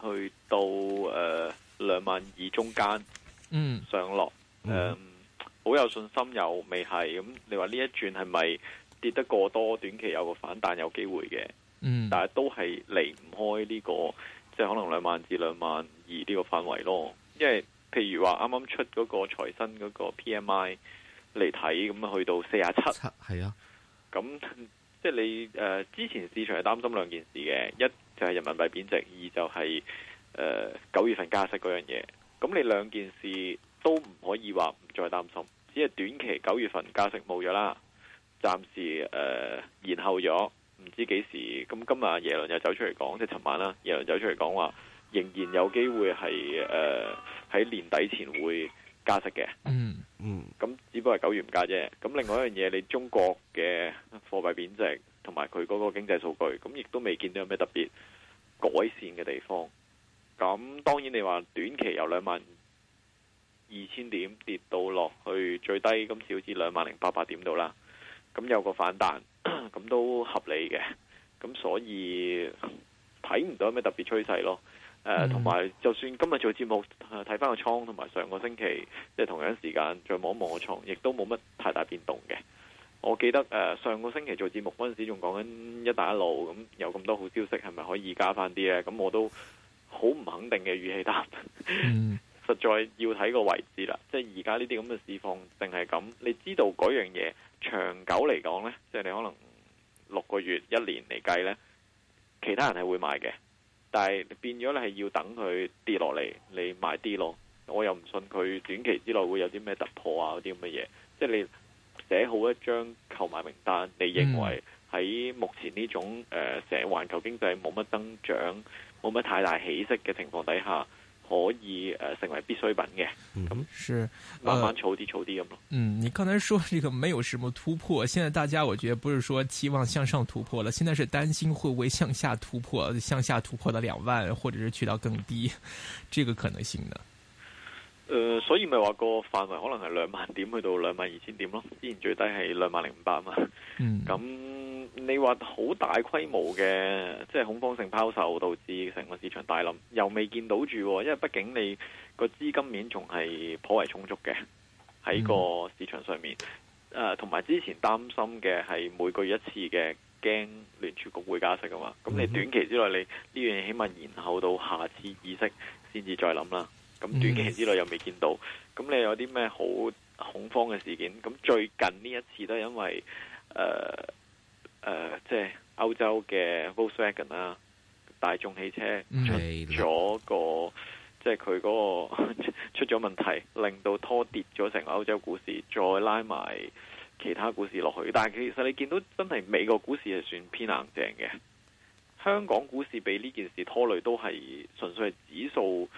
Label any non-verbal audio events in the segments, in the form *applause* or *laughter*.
去到誒、呃、兩萬二中間，嗯、上落誒好、呃嗯、有信心又未係咁。你話呢一轉係咪跌得過多？短期有個反彈有機會嘅，嗯、但係都係離唔開呢、這個，即、就、係、是、可能兩萬至兩萬二呢個範圍咯。因為譬如話啱啱出嗰個財新嗰個 P M I 嚟睇，咁去到四十七，係啊，咁即係你誒、呃、之前市場係擔心兩件事嘅一。就係人民幣貶值，二就係誒九月份加息嗰樣嘢。咁你兩件事都唔可以話唔再擔心，只係短期九月份加息冇咗啦，暫時誒、呃、延後咗，唔知幾時。咁今日耶倫又走出嚟講，即係尋晚啦，耶倫走出嚟講話，仍然有機會係誒喺年底前會加息嘅、嗯。嗯嗯，咁只不過係九月唔加啫。咁另外一樣嘢，你中國嘅貨幣貶值同埋佢嗰個經濟數據，咁亦都未見到有咩特別。兩萬二千點跌到落去最低，咁少至兩萬零八百點度啦。咁有個反彈，咁都合理嘅。咁所以睇唔到有咩特別趨勢咯。同、呃、埋、嗯、就算今日做節目睇翻、呃、個倉，同埋上個星期即係同樣時間再望一望個倉，亦都冇乜太大變動嘅。我記得誒、呃，上個星期做節目嗰陣時仲講緊一帶一路，咁有咁多好消息，係咪可以加翻啲咧？咁我都。好唔肯定嘅語氣答，實在要睇個位置啦。即係而家呢啲咁嘅市況定係咁，你知道嗰樣嘢長久嚟講呢，即係你可能六個月一年嚟計呢，其他人係會買嘅。但係變咗你係要等佢跌落嚟，你買啲咯。我又唔信佢短期之內會有啲咩突破啊，嗰啲咁嘅嘢。即係你寫好一張購買名單，你認為喺目前呢種誒成環球經濟冇乜增長。冇乜太大起色嘅情況底下，可以誒成為必需品嘅，咁、mm hmm. 是、呃、慢慢儲啲儲啲咁咯。嗯，你剛才說呢個沒有什麼突破，現在大家我覺得不是說期望向上突破了，現在是擔心會唔會向下突破，向下突破到兩萬，或者是去到更低，這個可能性呢？誒、呃，所以咪話個範圍可能係兩萬點去到兩萬二千點咯，之前最低係兩萬零五百啊嘛。咁、嗯、你話好大規模嘅，即係恐慌性拋售導致成個市場大冧，又未見到住，因為畢竟你個資金面仲係頗為充足嘅喺個市場上面。誒、嗯，同埋、呃、之前擔心嘅係每個月一次嘅驚聯儲局會加息啊嘛。咁你短期之內你呢樣嘢起碼延後到下次議息先至再諗啦。咁短期之內又未見到，咁、嗯、你有啲咩好恐慌嘅事件？咁最近呢一次都係因為誒誒，即、呃、係、呃就是、歐洲嘅 Volkswagen 啦、啊，大眾汽車出咗個了即係佢嗰個出咗問題，令到拖跌咗成個歐洲股市，再拉埋其他股市落去。但係其實你見到真係美國股市係算偏硬正嘅，香港股市比呢件事拖累都係純粹係指數。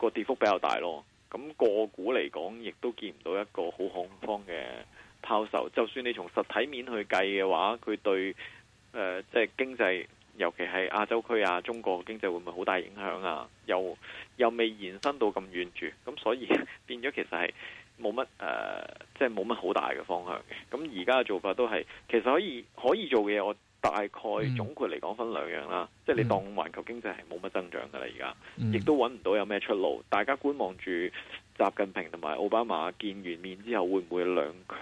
個跌幅比較大咯，咁個股嚟講，亦都見唔到一個好恐慌嘅拋售。就算你從實體面去計嘅話，佢對呃即係經濟，尤其係亞洲區啊、中國經濟會唔會好大影響啊？又又未延伸到咁遠住，咁所以變咗其實係冇乜呃，即係冇乜好大嘅方向嘅。咁而家嘅做法都係其實可以可以做嘅嘢，我。大概總括嚟講分兩樣啦，嗯、即係你當環球經濟係冇乜增長㗎啦，而家亦都揾唔到有咩出路。大家觀望住習近平同埋奧巴馬見完面之後，會唔會兩強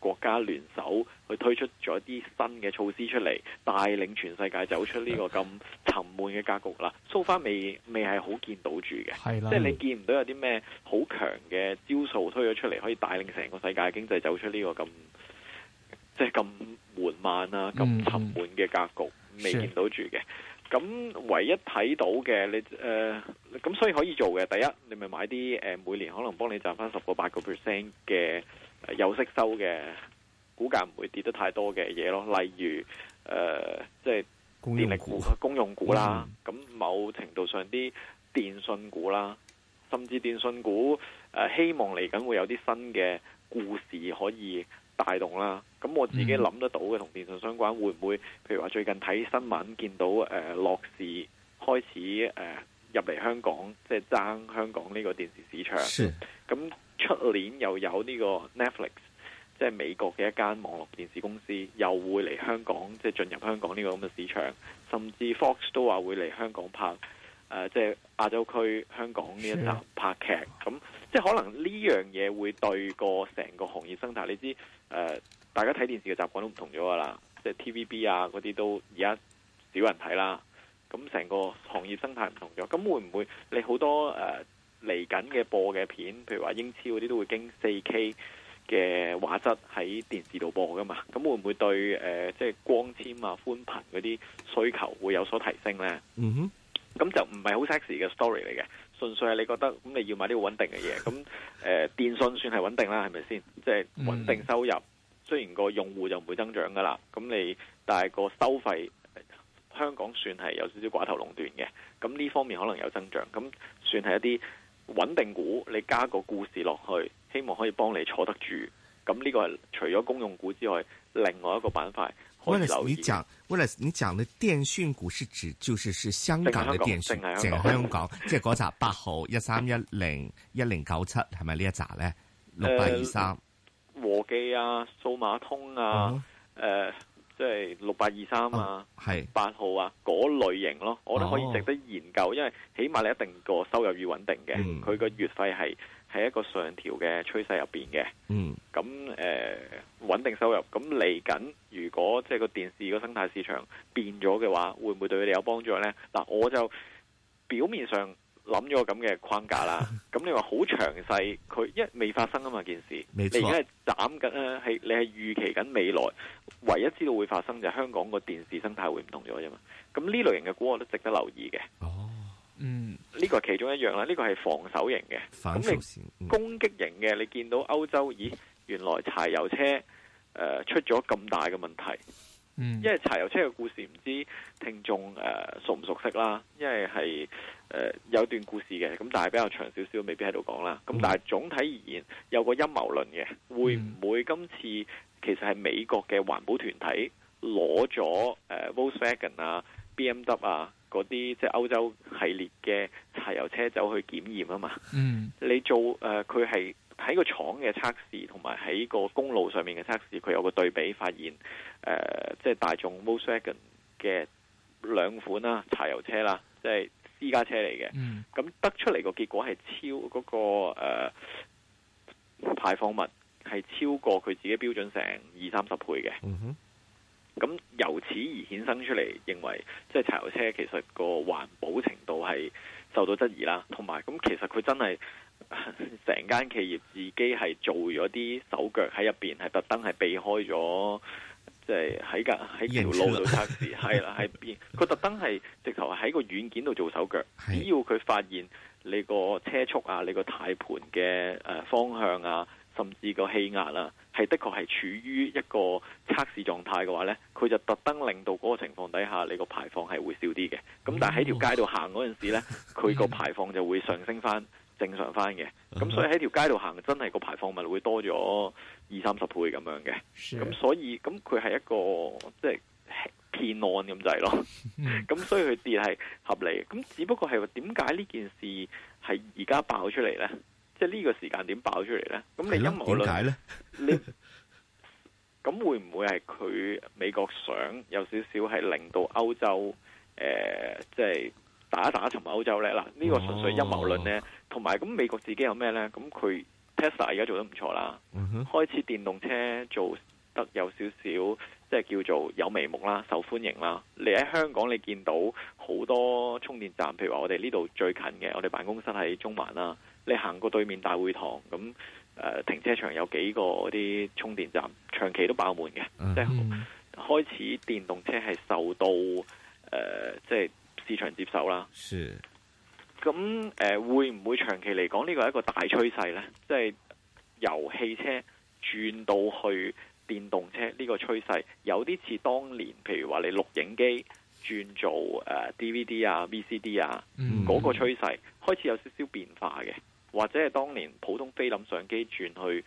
國家聯手去推出咗啲新嘅措施出嚟，帶領全世界走出呢個咁沉悶嘅格局啦？So far 未未係好見到住嘅，的即係你見唔到有啲咩好強嘅招數推咗出嚟，可以帶領成個世界經濟走出呢個咁。即係咁緩慢啊，咁、嗯、沉悶嘅格局未見到住嘅，咁是唯一睇到嘅你誒，咁、呃、所以可以做嘅，第一你咪買啲誒、呃、每年可能幫你賺翻十個八個 percent 嘅有息收嘅股價唔會跌得太多嘅嘢咯，例如誒即係電力股、公，公用股啦，咁、嗯、某程度上啲電信股啦，甚至電信股誒、呃、希望嚟緊會有啲新嘅故事可以。帶動啦，咁我自己諗得到嘅同電信相關，會唔會？譬如話最近睇新聞見到，誒、呃，樂視開始入嚟、呃、香港，即係爭香港呢個電視市場。咁出是年又有呢個 Netflix，即係美國嘅一間網絡電視公司，又會嚟香港，即係進入香港呢個咁嘅市場。甚至 Fox 都話會嚟香港拍，呃，即係亞洲區香港呢一集拍劇。咁是即係可能呢樣嘢會對個成個行業生態，你知？誒、呃，大家睇電視嘅習慣都唔同咗噶啦，即係 TVB 啊嗰啲都而家少人睇啦，咁成個行業生態唔同咗，咁會唔會你好多誒嚟緊嘅播嘅片，譬如話英超嗰啲都會經四 K 嘅畫質喺電視度播噶嘛，咁會唔會對誒、呃、即係光纖啊寬頻嗰啲需求會有所提升咧？嗯哼、mm，咁、hmm. 就唔係好 sexy 嘅 story 嚟嘅。純粹係你覺得咁，你要買啲穩定嘅嘢咁。誒、呃，電信算係穩定啦，係咪先？即係穩定收入，雖然個用戶就唔會增長噶啦。咁你但係個收費香港算係有少少寡頭壟斷嘅。咁呢方面可能有增長，咁算係一啲穩定股。你加個故事落去，希望可以幫你坐得住。咁呢個係除咗公用股之外，另外一個板塊。我哋你講，我哋你講嘅電訊股是指，就是是香港嘅電訊，淨係香港，即係嗰扎八號一三一零一零九七，係咪呢一紮咧？六百二三和記啊，數碼通啊，誒、哦呃，即係六百二三啊，係八、哦、號啊，嗰類型咯，我覺得可以值得研究，哦、因為起碼你一定個收入要穩定嘅，佢個、嗯、月費係。係一個上調嘅趨勢入邊嘅，嗯那，咁誒穩定收入，咁嚟緊如果即係個電視個生態市場變咗嘅話，會唔會對佢哋有幫助呢嗱，我就表面上諗咗個咁嘅框架啦。咁 *laughs* 你話好詳細，佢一未發生啊嘛件事，未錯你而家係斬緊咧，係你係預期緊未來，唯一知道會發生就係香港個電視生態會唔同咗啫嘛。咁呢類型嘅股我都值得留意嘅。哦。嗯，呢個係其中一樣啦，呢、這個係防守型嘅。咁你攻擊型嘅，你見到歐洲，咦，原來柴油車誒、呃、出咗咁大嘅問題。嗯，因為柴油車嘅故事唔知聽眾誒、呃、熟唔熟悉啦。因為係誒、呃、有段故事嘅，咁但係比較長少少，未必喺度講啦。咁、嗯、但係總體而言，有個陰謀論嘅，會唔會今次其實係美國嘅環保團體攞咗誒 Volkswagen 啊、BMW 啊？嗰啲即係歐洲系列嘅柴油車走去檢驗啊嘛，嗯、你做誒佢係喺個廠嘅測試同埋喺個公路上面嘅測試，佢有個對比，發現誒、呃、即係大眾 Volkswagen 嘅兩款啦、啊、柴油車啦、啊，即係私家車嚟嘅，咁、嗯、得出嚟個結果係超嗰、嗰個誒、呃、排放物係超過佢自己標準成二三十倍嘅。嗯咁由此而衍生出嚟，認為即係柴油車其實個環保程度係受到質疑啦，同埋咁其實佢真係成間企業自己係做咗啲手腳，喺入邊係特登係避開咗，即係喺架喺條路度測試，係啦出，喺邊佢特登係直頭喺個軟件度做手腳，只要佢發現你個車速啊、你個軚盤嘅誒方向啊。甚至個氣壓啦、啊，係的確係處於一個測試狀態嘅話呢，佢就特登令到嗰個情況底下，你個排放係會少啲嘅。咁但係喺條街度行嗰陣時咧，佢、oh. 個排放就會上升翻 Yeah. 正常翻嘅。咁所以喺條街度行真係個排放物會多咗二三十倍咁樣嘅。咁 Yeah. 所以咁佢係一個即係騙案咁滯咯。咁 *laughs* 所以佢跌係合理嘅。咁只不過係話點解呢件事係而家爆出嚟呢？即係呢個時間點爆出嚟呢？咁你陰謀論點解咧？你咁 *laughs* 會唔會係佢美國想有少少係令到歐洲誒，即、呃、係、就是、打一打沉歐洲呢？嗱，呢個純粹陰謀論呢，同埋咁美國自己有咩呢？咁佢 Tesla 而家做得唔錯啦，嗯、哼開始電動車做得有少少。即係叫做有眉目啦，受歡迎啦。你喺香港，你見到好多充電站，譬如話我哋呢度最近嘅，我哋辦公室喺中環啦。你行過對面大會堂，咁誒、呃、停車場有幾個啲充電站，長期都爆滿嘅，uh huh. 即係開始電動車係受到誒、呃、即係市場接受啦。是。咁誒、呃、會唔會長期嚟講呢個係一個大趨勢呢？即係由汽車轉到去。電動車呢個趨勢有啲似當年，譬如話你錄影機轉做誒 DVD 啊、VCD 啊嗰、嗯、個趨勢，開始有少少變化嘅，或者係當年普通菲林相機轉去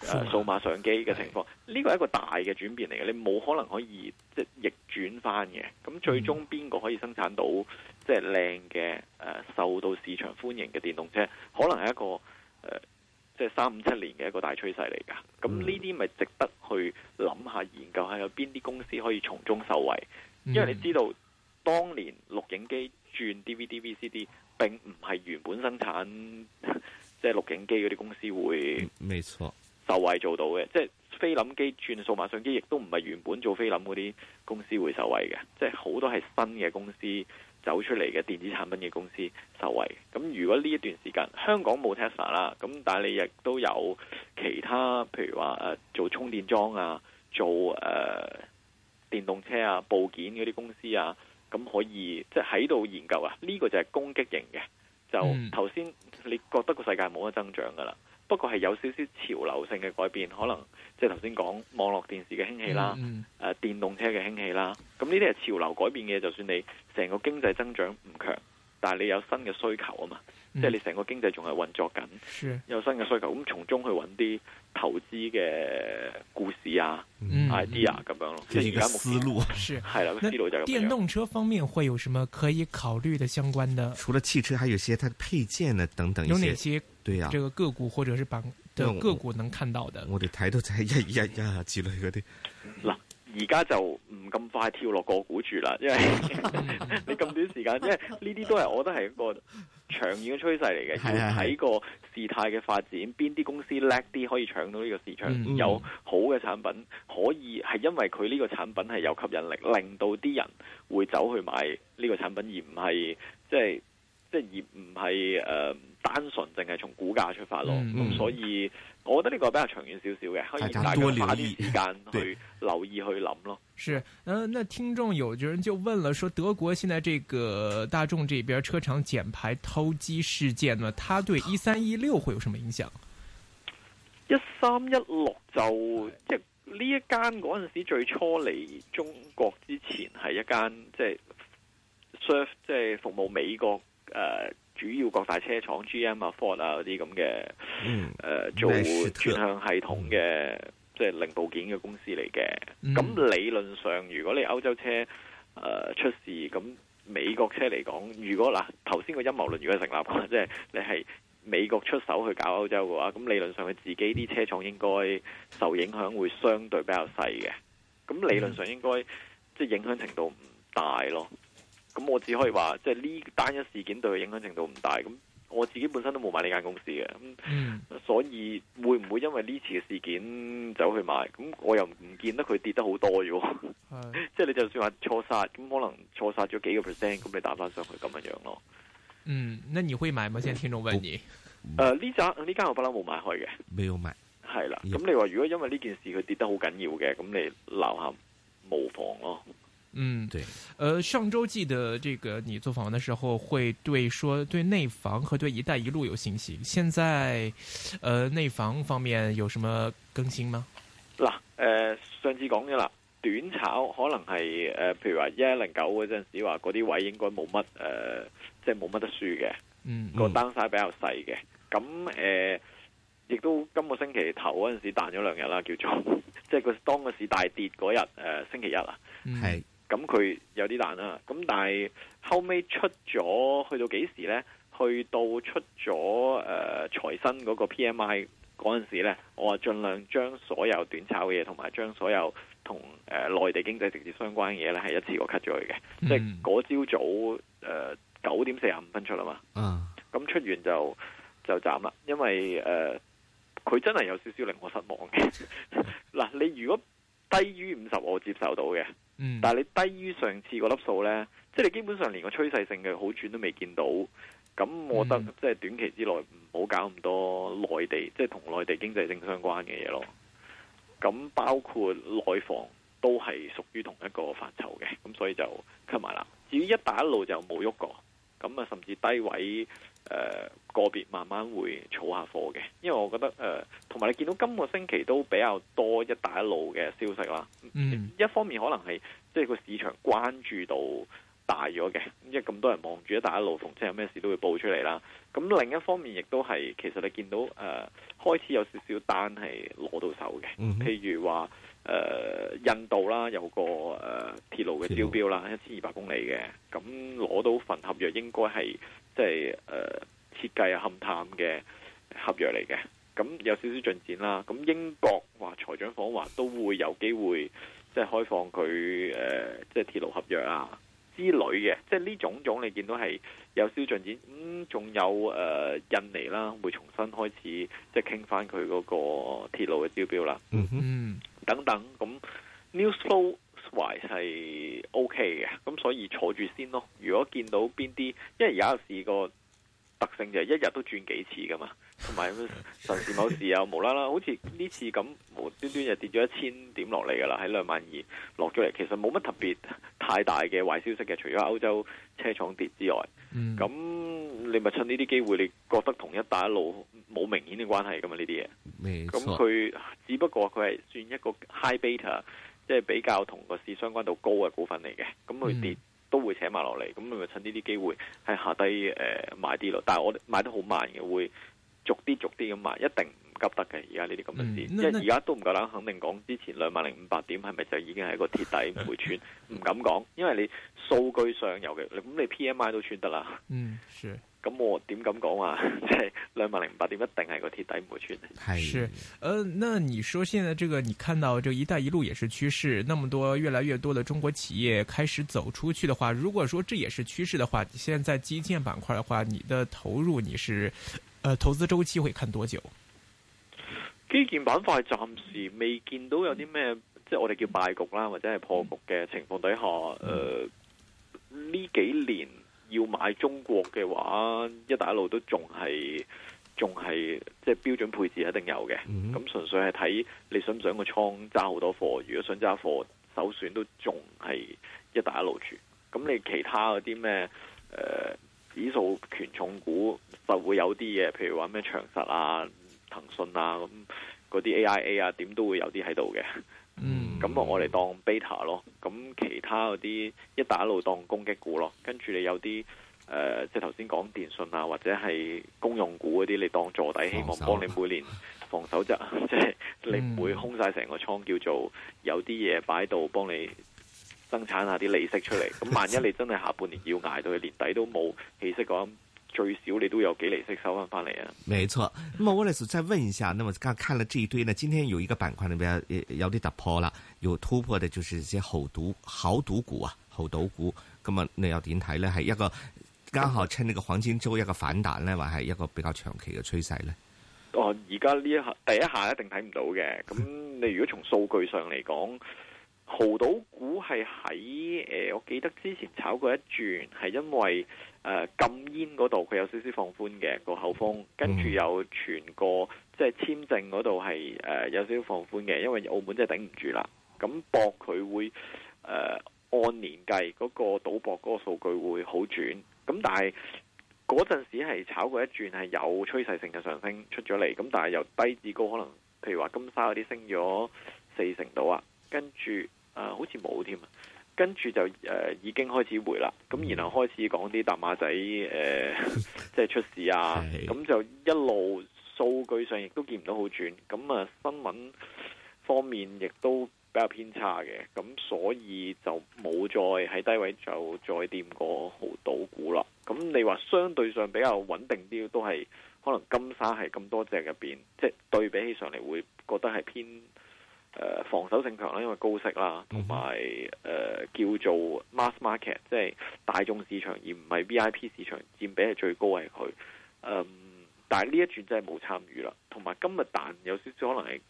誒數碼相機嘅情況，呢個係一個大嘅轉變嚟嘅，你冇可能可以即係逆轉翻嘅。咁最終邊個可以生產到即係靚嘅誒受到市場歡迎嘅電動車，可能係一個誒。呃即係三五七年嘅一個大趨勢嚟㗎，咁呢啲咪值得去諗下研究下有邊啲公司可以從中受惠？因為你知道當年錄影機轉 DVD、VCD 並唔係原本生產即係錄影機嗰啲公司會，冇錯受惠做到嘅。錯即係菲林機轉數碼相機，亦都唔係原本做菲林嗰啲公司會受惠嘅。即係好多係新嘅公司。走出嚟嘅電子產品嘅公司受惠。咁如果呢一段時間香港冇 Tesla 啦，咁但係你亦都有其他，譬如話誒、呃、做充電樁啊、做誒、呃、電動車啊部件嗰啲公司啊，咁可以即係喺度研究啊。呢、這個就係攻擊型嘅。就頭先你覺得個世界冇得增長㗎啦。不過係有少少潮流性嘅改變，可能即係頭先講網絡電視嘅興起啦，誒、嗯呃、電動車嘅興起啦，咁呢啲係潮流改變嘅嘢，就算你成個經濟增長唔強，但係你有新嘅需求啊嘛，嗯、即係你成個經濟仲係運作緊，是有新嘅需求，咁從中去揾啲投資嘅故事啊，idea 咁樣咯，即係而家思路係啦，思路就係咁電動車方面會有什麼可以考慮嘅相關嘅？除了汽車，還有些它的配件呢，等等，有哪些？對呀、啊，這個個股或者是板個，個股能看到的。我哋睇到就係一、一、一之類嗰啲。嗱，而家就唔咁快跳落個股住啦，因為 *laughs* *laughs* 你咁短時間，因為呢啲都係，我覺得係一個長遠嘅趨勢嚟嘅。要睇喺個事態嘅發展，邊啲、啊、公司叻啲可以搶到呢個市場，嗯嗯有好嘅產品，可以係因為佢呢個產品係有吸引力，令到啲人會走去買呢個產品，而唔係即係即係而唔係誒。呃單純淨係從股價出發咯，咁、嗯、所以我覺得呢個比較長遠少少嘅，可以大家喺期間去留意對去諗咯。是、呃，那聽眾有啲人就問啦，說德國現在這個大眾這邊車廠減排偷機事件呢，它對一三一六會有什麼影響？就對這一三一六就即係呢一間嗰陣時最初嚟中國之前係一間即係 serve 即係服務美國誒。呃主要各大車廠 GM 啊、Ford 啊嗰啲咁嘅，誒、嗯呃、做轉向系統嘅，嗯、即係零部件嘅公司嚟嘅。咁、嗯、理論上，如果你歐洲車誒、呃、出事，咁美國車嚟講，如果嗱頭先個陰謀論如果成立嘅，即係你係美國出手去搞歐洲嘅話，咁理論上佢自己啲車廠應該受影響會相對比較細嘅。咁理論上應該、嗯、即係影響程度唔大咯。咁我只可以話，即係呢單一事件對佢影響程度唔大。咁我自己本身都冇買呢間公司嘅，咁、嗯、所以會唔會因為呢次嘅事件走去買？咁我又唔見得佢跌得好多嘅，即係、嗯、 *laughs* 你就算話錯殺，咁可能錯殺咗幾個 percent，咁你打翻上去咁樣樣咯。嗯，那你會買嗎？先？在聽眾問你。誒、 *laughs* 啊，呢扎呢間我不嬲冇買開嘅。未有買。係啦，咁你話如果因為呢件事佢跌得好緊要嘅，咁你留下無妨咯。嗯，對，呃，上周記得這個你做訪問的時候會對說對內房和對一帶一路有信心，現在，呃，內房方面有什麼更新嗎？嗱，誒，上次講咗啦，短炒可能係誒，譬、呃、如話一零九嗰陣時話嗰啲位應該冇乜誒，即係冇乜得輸嘅，嗯，個單 size 比較細嘅，咁誒、嗯呃，亦都今個星期頭嗰陣時彈咗兩日啦，叫做，即係個當個市大跌嗰日，誒、呃，星期日啊，係、嗯。嗯咁佢有啲難啦、啊，咁但係後尾出咗，去到幾時呢？去到出咗誒、呃、財新嗰個 PMI 嗰陣時呢，我盡量將所有短炒嘅嘢，同埋將所有同、呃、內地經濟直接相關嘢呢，係一次過 cut 咗佢嘅。即係嗰朝早誒九點四十五分出啦嘛，咁、嗯、出完就就斬啦，因為誒佢、呃、真係有少少令我失望嘅。嗱， *laughs* 你如果低於五十，我接受到嘅。嗯，但係你低於上次嗰粒數呢，即係你基本上連個趨勢性嘅好轉都未見到，咁我覺得即係短期之內唔好搞咁多內地，即係同內地經濟正相關嘅嘢咯。咁包括內房都係屬於同一個範疇嘅，咁所以就吸埋啦。至於一帶一路就冇喐過，咁啊甚至低位，誒、呃、個別慢慢會儲下貨嘅，因為我覺得誒，同、呃、埋你見到今個星期都比較多一帶一路嘅消息啦。嗯、mm，hmm. 一方面可能係即係個市場關注度大咗嘅，因為咁多人望住一帶一路，逢即係有咩事都會報出嚟啦。咁另一方面亦都係其實你見到誒、呃、開始有少少單係攞到手嘅，mm hmm. 譬如話。誒、呃，印度啦，有個誒鐵、呃、路嘅招標啦，一千二百公里嘅，咁攞到份合約應該是，應該係即係誒設計勘探嘅合約嚟嘅，咁有少少進展啦。咁英國話財長訪華都會有機會，即係開放佢誒、呃，即係鐵路合約啊之類嘅，即係呢種種你見到係有少少進展。咁、嗯、仲有誒、呃、印尼啦，會重新開始即係傾翻佢嗰個鐵路嘅招標啦。嗯哼。等等咁，news flow 壞係 OK 嘅，咁所以坐住先咯。如果見到邊啲，因為而家有試過特性就係一日都轉幾次噶嘛，同埋甚事某事啊，無啦啦，好似呢次咁無端端就跌咗一千點落嚟噶啦，喺兩萬二落咗嚟，其實冇乜特別太大嘅壞消息嘅，除咗歐洲車廠跌之外，咁、嗯。咁你咪趁呢啲機會，你覺得同一帶一路冇明顯嘅關係噶、啊、嘛？呢啲嘢，咁佢錯只不過佢係算一個 high beta，即係比較同個市相關度高嘅股份嚟嘅。咁佢跌、嗯、都會扯埋落嚟，咁你咪趁呢啲機會喺下低誒、呃、買啲咯。但係我買得好慢嘅，會逐啲逐啲咁買，一定唔急得嘅。而家呢啲咁嘅事，即係而家都唔夠膽肯定講。之前兩萬零五百點係咪就已經係一個鐵底唔會穿？唔 *laughs* 敢講，因為你數據上有嘅，咁你 P M I 都穿得啦。嗯，咁我點咁講啊？即係兩萬零八點一定係個鐵底唔會穿。係，呃，那你說現在這個你看到就一帶一路也是趨勢，那麼多越來越多的中國企業開始走出去的話，如果說這也是趨勢的話，現在基建板塊的話，你的投入你是，呃，投資周期會看多久？基建板塊暫時未見到有啲咩，嗯、即係我哋叫敗局啦，或者係破局嘅情況底下，嗯、呃，呢幾年。要買中國嘅話，一帶一路都仲係仲係即係標準配置，一定有嘅。咁、mm hmm. 純粹係睇你想唔想個倉揸好多貨。如果想揸貨，首選都仲係一帶一路住。咁你其他嗰啲咩誒指數權重股就會有啲嘢，譬如話咩長實啊、騰訊啊咁嗰啲 AIA 啊，點都會有啲喺度嘅。.嗯，咁我我哋當 beta 咯，咁其他嗰啲一帶一路當攻擊股咯，跟住你有啲誒、呃，即係頭先講電訊啊，或者係公用股嗰啲，你當坐底，希望幫你每年防守則，即係你唔會空晒成個倉，叫做有啲嘢擺喺度幫你生產下啲利息出嚟。咁萬一你真係下半年要挨到佢，年底都冇氣息嘅話。最少你都有幾釐息收翻返嚟啊？沒錯，咁啊 Wallace 再問一下，咁啊，剛看了這一堆呢，今天有一個板塊裏邊有啲突破啦，有突破的就係啲豪賭豪賭股啊，豪賭股咁啊，你又點睇呢？係一個剛好趁呢個黃金周一個反彈呢，還係一個比較長期嘅趨勢呢？哦，而家呢一下第一下一定睇唔到嘅，咁你如果從數據上嚟講。淘到股係喺、呃、我記得之前炒過一轉，係因為、呃、禁煙嗰度佢有少少放寬嘅個口風，跟住又傳過即係簽證嗰度係有少少放寬嘅，因為澳門真係頂唔住啦。咁博佢會、呃、按年計嗰、嗰個賭博嗰個數據會好轉。咁但係嗰陣時係炒過一轉係有趨勢性嘅上升出咗嚟。咁但係由低至高，可能譬如話金沙嗰啲升咗四成度啊，跟住。啊、呃，好似冇添，跟住就、呃、已經開始回啦，咁然後開始講啲大馬仔即係、呃、 *laughs* 出事啊，咁 *laughs* 就一路數據上亦都見唔到好轉，咁啊新聞方面亦都比較偏差嘅，咁所以就冇再喺低位就再掂過好賭股啦。咁你話相對上比較穩定啲，都係可能金沙係咁多隻入邊，即、就、係、是、對比起上嚟會覺得係偏。誒、呃、防守性強啦，因為高息啦，同埋誒叫做 mass market，即係大眾市場，而唔係 VIP 市場，佔比係最高係佢。嗯，但係呢一轉真係冇參與啦。同埋今日彈有少少可能係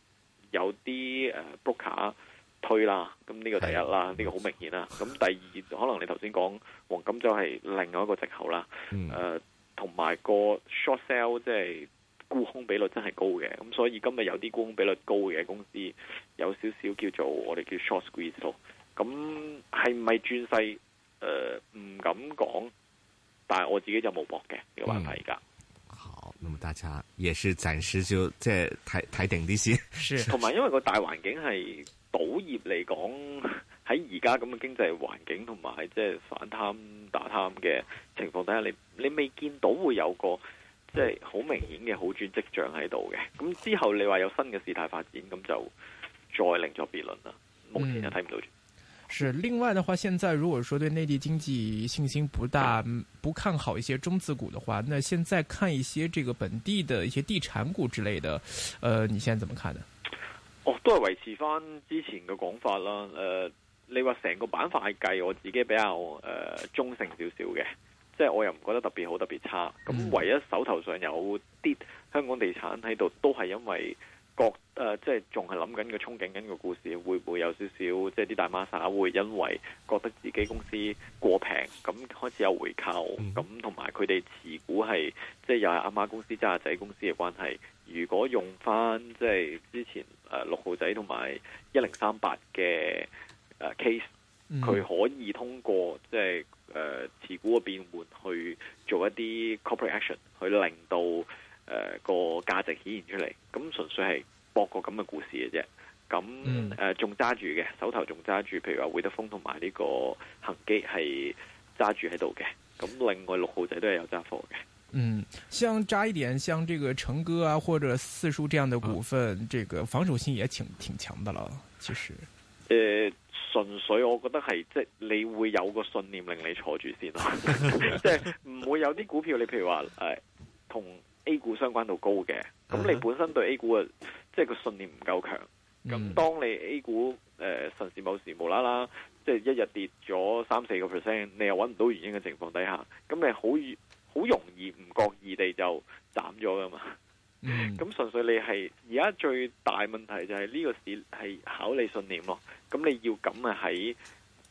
有啲誒 booker 推啦，咁呢個第一啦，呢、呢個好明顯啦。咁第二可能你頭先講黃金就係另外一個藉口啦。誒、嗯呃，同埋個 short sell 即係。沽空比率真係高嘅，咁所以今日有啲沽空比率高嘅公司，有少少叫做我哋叫 short squeeze 咯。咁、呃，係唔係轉勢？誒，唔敢講，但係我自己就冇搏嘅個話題而家？好，那麼大家也是暫時就即係睇睇定啲先，同埋是因為個大環境係賭業嚟講，喺而家咁嘅經濟環境同埋即係反貪打貪嘅情況底下，你你未見到會有個。即係好明顯嘅好轉跡象喺度嘅，咁之後你話有新嘅事態發展，咁就再另作別論啦。目前就睇唔到。嗯、是另外的話，現在如果說對內地經濟信心不大、是不看好一些中資股的話，那現在看一些這個本地的一些地產股之類的，呃，你現在怎麼看呢？哦，都係維持翻之前嘅講法啦。誒、呃，你話成個板塊計，我自己比較誒、呃、中性少少嘅。即係我又唔覺得特別好特別差，咁唯一手頭上有啲香港地產喺度，都係因為覺誒、呃、即係仲係諗緊個憧憬緊個故事，會唔會有少少即係啲大媽耍？會因為覺得自己公司過平，咁開始有回購，咁同埋佢哋持股係即係又係阿媽公司揸阿仔公司嘅關係，如果用翻即係之前誒六、呃、號仔同埋一零三八嘅誒 case。佢、嗯、可以通過即係誒持股嘅變換去做一啲 corporate action，去令到誒、呃、個價值顯現出嚟。咁純粹係搏個咁嘅故事嘅啫。咁誒仲揸住嘅，手頭仲揸住，譬如話會德豐同埋呢個恒基係揸住喺度嘅。咁另外六號仔都係有揸貨嘅。嗯，像揸一點，像這個成哥啊或者四叔這樣的股份，嗯、這個防守性也挺挺強的了，其實。誒，純粹我覺得係即係你會有個信念令你坐住先咯，即係唔會有啲股票你譬如話誒同 A 股相關度高嘅，咁你本身對 A 股嘅即係個信念唔夠強，咁當你 A 股誒甚至某時無啦啦，即係一日跌咗三四個 percent，你又搵唔到原因嘅情況底下，咁你好好容易唔覺意地就斬咗㗎嘛。咁、嗯、純粹你係而家最大問題就係呢個市係考你信念咯。咁你要咁啊喺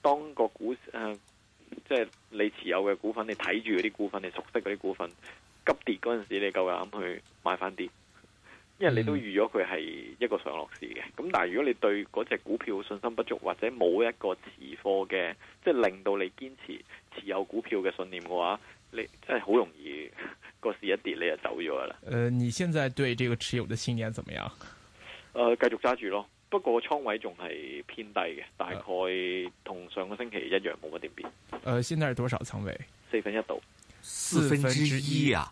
當個股即係、呃就是、你持有嘅股份，你睇住嗰啲股份，你熟悉嗰啲股份急跌嗰陣時，你夠膽去買翻啲，因為你都預咗佢係一個上落市嘅。咁但係如果你對嗰隻股票信心不足，或者冇一個持貨嘅，即、就、係、是、令到你堅持持有股票嘅信念嘅話，你真係好容易個市一跌，你就走咗啦。誒、呃，你現在對這個持有的信念怎麼樣？誒、呃，繼續揸住咯，不過倉位仲係偏低嘅，大概同上個星期一樣，冇乜點變。誒、呃，現在係多少倉位？四分一度，四分之一啊，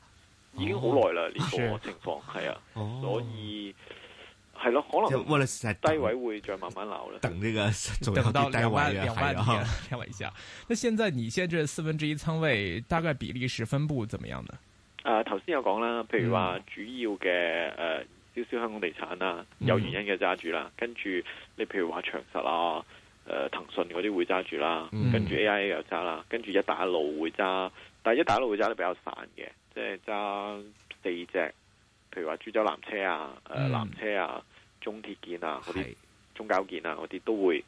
已經好耐啦，呢個情況，係啊，所以。係咯，可能我低位會再慢慢流啦。等呢個等到兩萬兩萬，聽我一下。 *laughs* 那現在你現在四分之一倉位大概比例是分布怎麼樣呢？啊、呃，頭先有講啦，譬如話主要嘅誒，少、呃、少香港地產啦，有原因嘅揸住啦，嗯、跟住你譬如話長實啊，誒騰訊嗰啲會揸住啦，跟住 A I A 又揸啦，跟住一帶一路會揸，但係一帶一路會揸得比較散嘅，即係揸四隻，譬如話株洲南車啊，誒、呃、南，南車啊。中鐵建啊，嗰啲中交建啊，嗰啲都會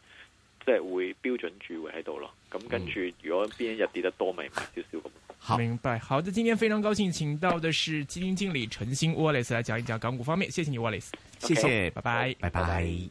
即係會標準住會喺度咯。咁跟住，如果邊一日跌得多咪買少少咁。嗯、小小好，明白。好的，今天非常高興請到的是基金經理陳昕 Wallace 來講一講港股方面。謝謝你 Wallace，Okay, 謝謝拜拜，拜拜，拜拜。